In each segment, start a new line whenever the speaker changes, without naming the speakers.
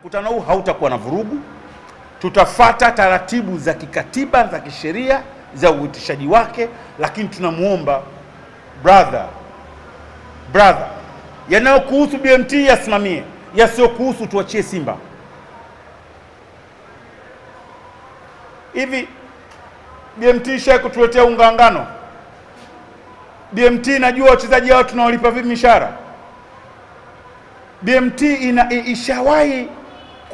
Mkutano huu hautakuwa na vurugu, tutafata taratibu za kikatiba za kisheria za uitishaji wake, lakini tunamwomba brother, brother, yanayokuhusu BMT yasimamie, yasiyokuhusu tuachie Simba. Hivi BMT ishaye kutuletea ungaangano? BMT inajua wachezaji hao tunawalipa vipi mishahara? BMT ina ishawahi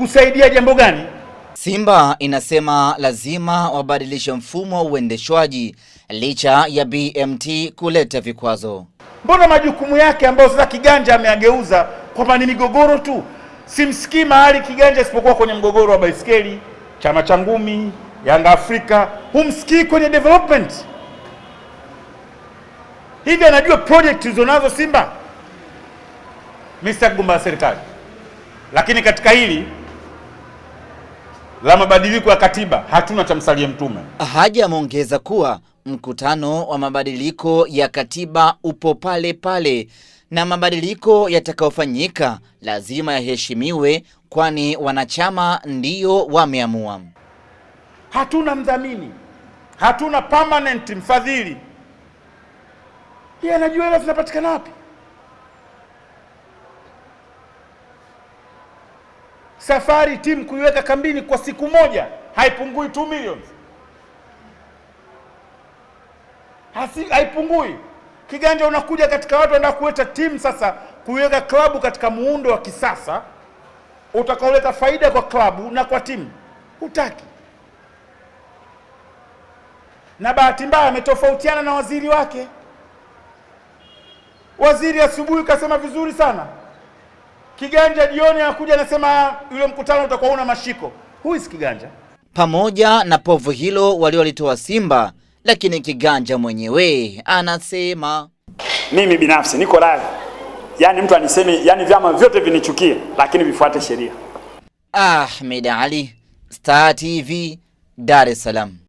kusaidia jambo gani?
Simba inasema lazima wabadilishe mfumo wa uendeshwaji licha ya BMT kuleta vikwazo.
Mbona majukumu yake ambayo sasa Kiganja ameageuza kwamba ni migogoro tu? Simsikii mahali Kiganja isipokuwa kwenye mgogoro wa baiskeli, chama cha ngumi, Yanga Afrika, humsikii kwenye development. Hivi anajua project ulizonazo Simba? Mimi sitaki kugombana serikali, lakini katika hili la mabadiliko ya katiba hatuna cha msalie mtume.
Haji ameongeza kuwa mkutano wa mabadiliko ya katiba upo pale pale na mabadiliko yatakayofanyika lazima yaheshimiwe, kwani wanachama ndiyo wameamua.
Hatuna mdhamini, hatuna permanent mfadhili, yeye anajua hela zinapatikana wapi. safari timu kuiweka kambini kwa siku moja haipungui 2 millions Hasi, haipungui. Kiganja unakuja katika watu wanataka kuleta timu sasa, kuiweka klabu katika muundo wa kisasa utakaoleta faida kwa klabu na kwa timu, hutaki. Na bahati mbaya ametofautiana na waziri wake. Waziri asubuhi kasema vizuri sana Kiganja jioni anakuja anasema yule mkutano utakuwa una mashiko. Who is Kiganja?
Pamoja na povu hilo waliolitoa Simba, lakini Kiganja mwenyewe anasema
mimi binafsi niko radhi, yaani mtu aniseme, yaani vyama vyote vinichukie, lakini vifuate sheria.
Ahmed Ali, Star TV, Dar es Salaam.